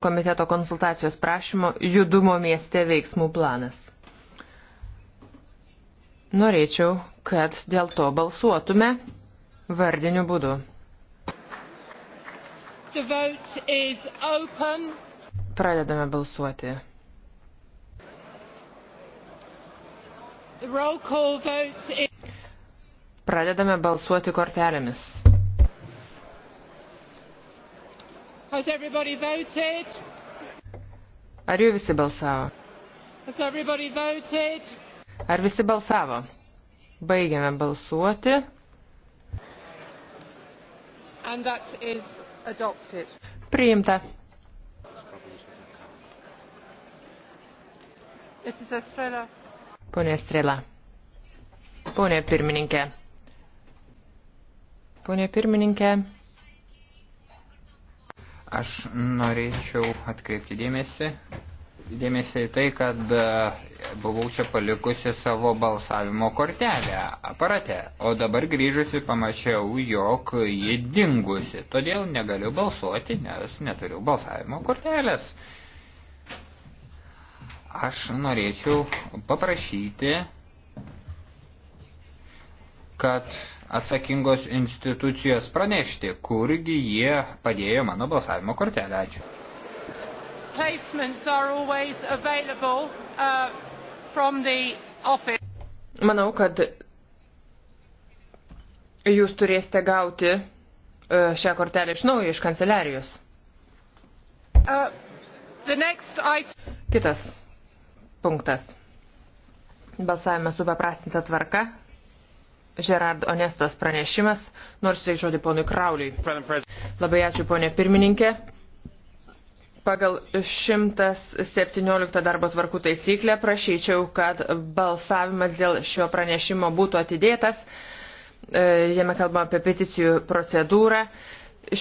komiteto konsultacijos prašymo judumo mieste veiksmų planas. Norėčiau, kad dėl to balsuotume vardiniu būdu. Pradedame balsuoti. Pradedame balsuoti kortelėmis. Ar jau visi balsavo? Ar visi balsavo? Baigiame balsuoti. Priimta. Pone Strela. Pone pirmininkė. Pone pirmininkė. Aš norėčiau atkreipti dėmesį, dėmesį į tai, kad e, buvau čia palikusi savo balsavimo kortelę aparate, o dabar grįžusi pamačiau, jog ji dingusi, todėl negaliu balsuoti, nes neturiu balsavimo kortelės. Aš norėčiau paprašyti, kad atsakingos institucijos pranešti, kurgi jie padėjo mano balsavimo kortelę. Ačiū. Uh, Manau, kad jūs turėsite gauti uh, šią kortelę iš naujo iš kanceliarijos. Uh, Kitas punktas. Balsavimas supaprastinta tvarka Gerard Onestos pranešimas, nors tai žodį ponui Krauliui. Labai ačiū ponė pirmininkė. Pagal 117 darbo tvarkų taisyklę prašyčiau, kad balsavimas dėl šio pranešimo būtų atidėtas. E, jame kalbama apie peticijų procedūrą.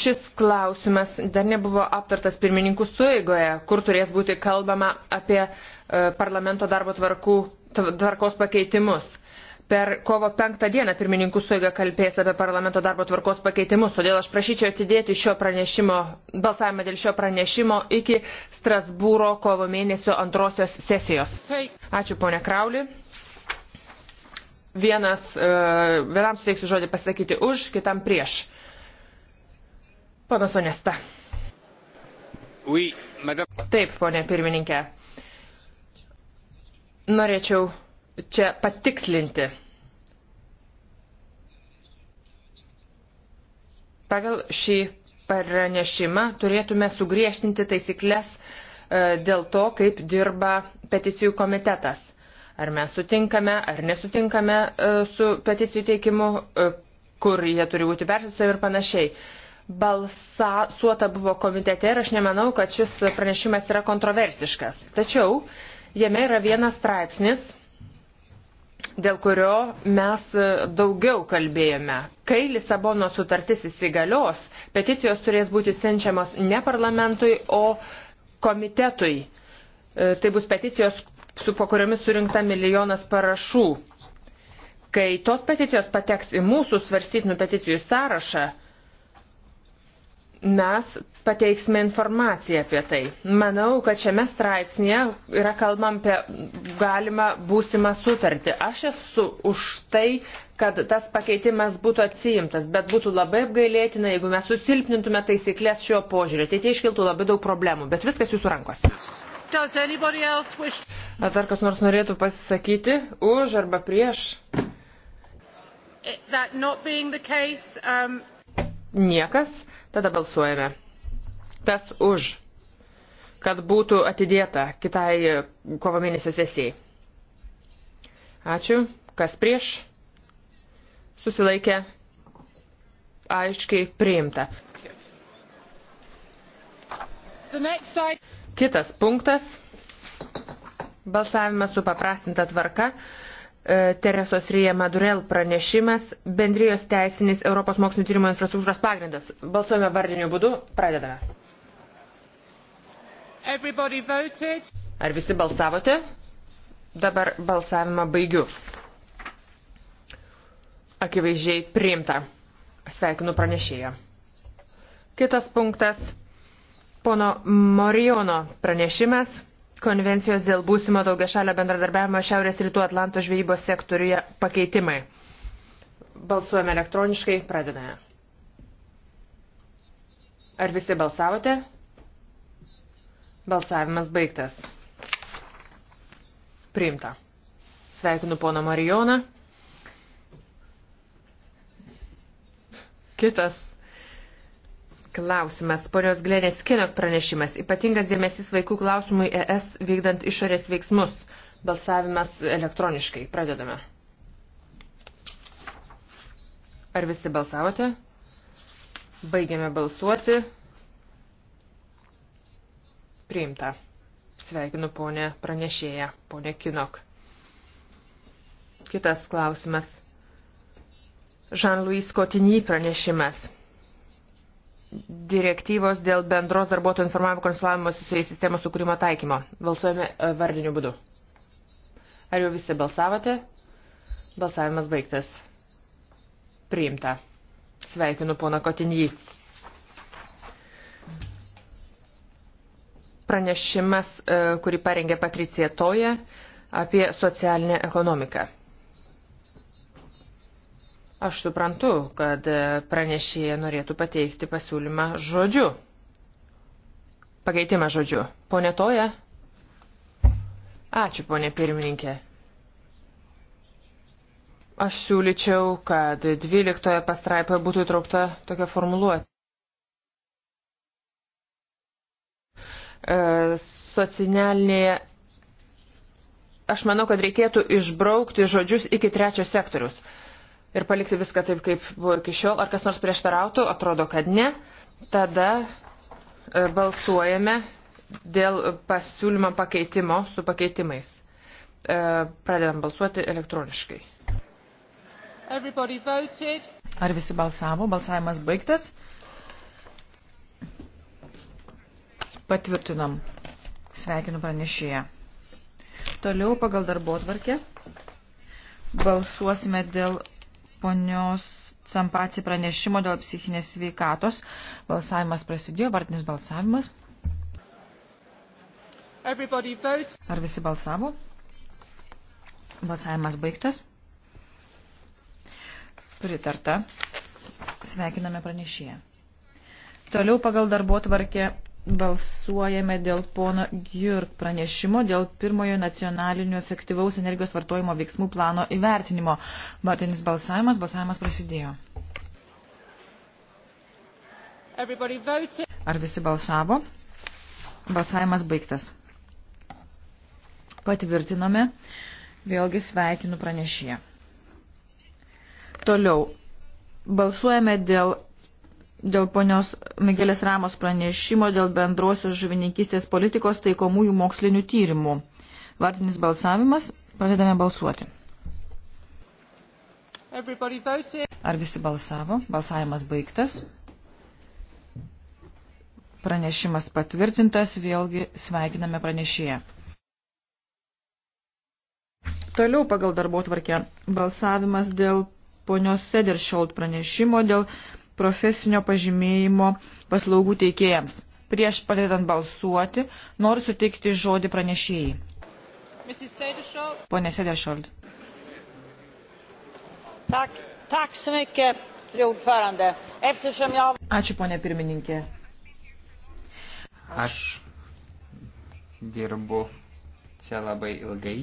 Šis klausimas dar nebuvo aptartas pirmininkų sueigoje, kur turės būti kalbama apie e, parlamento darbo tvarkų, tvarkos pakeitimus per kovo penktą dieną pirmininkų suiga kalbės apie parlamento darbo tvarkos pakeitimus, todėl aš prašyčiau atidėti šio pranešimo, balsavimą dėl šio pranešimo iki Strasbūro kovo mėnesio antrosios sesijos. Ačiū ponė Krauli. Vienas, e, vienam suteiksiu žodį pasakyti už, kitam prieš. Ponas Onesta. Oui, madame... Taip, ponė pirmininkė. Norėčiau čia patikslinti. Pagal šį pranešimą turėtume sugriežtinti taisyklės e, dėl to, kaip dirba peticijų komitetas. Ar mes sutinkame, ar nesutinkame e, su peticijų teikimu, e, kur jie turi būti persiusi ir panašiai. Balsuota buvo komitete ir aš nemanau, kad šis pranešimas yra kontroversiškas. Tačiau jame yra vienas straipsnis dėl kurio mes e, daugiau kalbėjome. Kai Lisabono sutartis įsigalios, peticijos turės būti siunčiamas ne parlamentui, o komitetui. E, tai bus peticijos, su po kuriomis surinkta milijonas parašų. Kai tos peticijos pateks į mūsų svarstytinų peticijų sąrašą, mes pateiksime informaciją apie tai. Manau, kad šiame straipsnėje yra kalbam apie galimą būsimą sutartį. Aš esu už tai, kad tas pakeitimas būtų atsiimtas, bet būtų labai apgailėtina, jeigu mes susilpnintume taisyklės šio požiūrio. Tai iškiltų labai daug problemų, bet viskas jūsų rankose. Ar dar kas nors norėtų pasisakyti už arba prieš? Um- Niekas. Tada balsuojame. Kas už, kad būtų atidėta kitai e, kovo mėnesio sesijai. Ačiū. Kas prieš? Susilaikė. Aiškiai priimta. Kitas punktas. Balsavimas su paprastinta tvarka. E, Teresos Rija Madurel pranešimas bendrijos teisinis Europos mokslinio tyrimo infrastruktūros pagrindas. Balsuojame vardiniu būdu. Pradedame. Ar visi balsavote? Dabar balsavimą baigiu. Akivaizdžiai priimta. Sveikinu pranešėją. Kitas punktas. Pono Morijono pranešimas konvencijos dėl būsimo daugiašalio bendradarbiavimo Šiaurės rytų Atlanto žvejybos sektoriuje pakeitimai. Balsuojame elektroniškai, pradedame. Ar visi balsavote? Balsavimas baigtas. Priimta. Sveikinu poną Marijoną. Kitas Klausimas. Ponios Glenės Kinok pranešimas. Ypatingas dėmesys vaikų klausimui ES vykdant išorės veiksmus. Balsavimas elektroniškai. Pradedame. Ar visi balsavote? Baigiame balsuoti. Priimta. Sveikinu ponę pranešėją, ponę Kinok. Kitas klausimas. Jean-Louis Cotigny pranešimas direktyvos dėl bendros darbuotojų informavimo konsulavimo sistemos sukūrimo taikymo. Balsuojame e, vardiniu būdu. Ar jau visi balsavote? Balsavimas baigtas. Priimta. Sveikinu pona Kotinjį. Pranešimas, e, kurį parengė Patricija Toja apie socialinę ekonomiką. Aš suprantu, kad pranešėja norėtų pateikti pasiūlymą žodžiu. Pakeitimą žodžiu. Pone Toja? Ačiū, ponė pirmininkė. Aš siūlyčiau, kad 12 pastraipoje būtų įtraukta tokia formuluotė. E, socialinėje. Aš manau, kad reikėtų išbraukti žodžius iki trečio sektorius ir palikti viską taip, kaip buvo iki šiol. Ar kas nors prieštarautų? Atrodo, kad ne. Tada e, balsuojame dėl pasiūlymo pakeitimo su pakeitimais. E, pradedam balsuoti elektroniškai. Ar visi balsavo? Balsavimas baigtas. Patvirtinom. Sveikinu pranešėją. Toliau pagal darbo tvarkę balsuosime dėl ponios Sampaci pranešimo dėl psichinės sveikatos. Balsavimas prasidėjo, vartinis balsavimas. Ar visi balsavo? Balsavimas baigtas. Pritarta. Sveikiname pranešėją. Toliau pagal darbo tvarkę balsuojame dėl pono Gjurk pranešimo dėl pirmojo nacionalinio efektyvaus energijos vartojimo veiksmų plano įvertinimo. Martinis balsavimas, balsavimas prasidėjo. Ar visi balsavo? Balsavimas baigtas. Patvirtinome. Vėlgi sveikinu pranešėją. Toliau. Balsuojame dėl dėl ponios Migelės Ramos pranešimo dėl bendrosios žuvininkystės politikos taikomųjų mokslinių tyrimų. Vartinis balsavimas. Pradedame balsuoti. Ar visi balsavo? Balsavimas baigtas. Pranešimas patvirtintas. Vėlgi sveikiname pranešėją. Toliau pagal darbo tvarkę balsavimas dėl ponios Sederschold pranešimo dėl profesinio pažymėjimo paslaugų teikėjams. Prieš pradedant balsuoti, noriu suteikti žodį pranešėjai. Pone Sedešold. Ačiū, ponė pirmininkė. Aš dirbu čia labai ilgai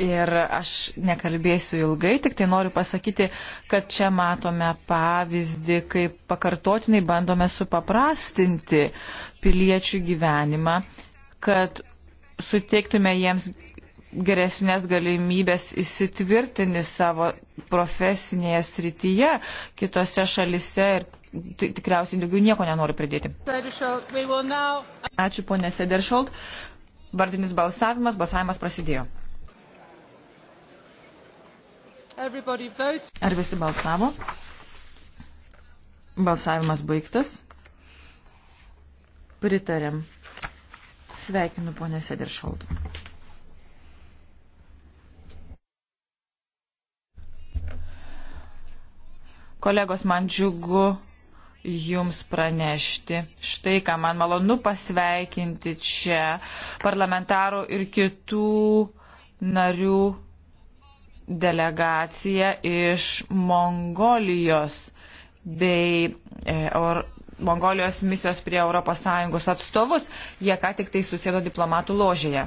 Ir aš nekalbėsiu ilgai, tik tai noriu pasakyti, kad čia matome pavyzdį, kaip pakartotinai bandome supaprastinti piliečių gyvenimą, kad suteiktume jiems geresnės galimybės įsitvirtinti savo profesinėje srityje kitose šalise ir tikriausiai daugiau nieko nenoriu pridėti. Ačiū ponė Sederšold. Vardinis balsavimas, balsavimas prasidėjo. Ar visi balsavo? Balsavimas baigtas. Pritarėm. Sveikinu ponę Sederšaldų. Kolegos, man džiugu Jums pranešti. Štai ką man malonu pasveikinti čia parlamentarų ir kitų narių delegacija iš Mongolijos bei or, e, Mongolijos misijos prie ES atstovus. Jie ką tik tai susėdo diplomatų ložėje.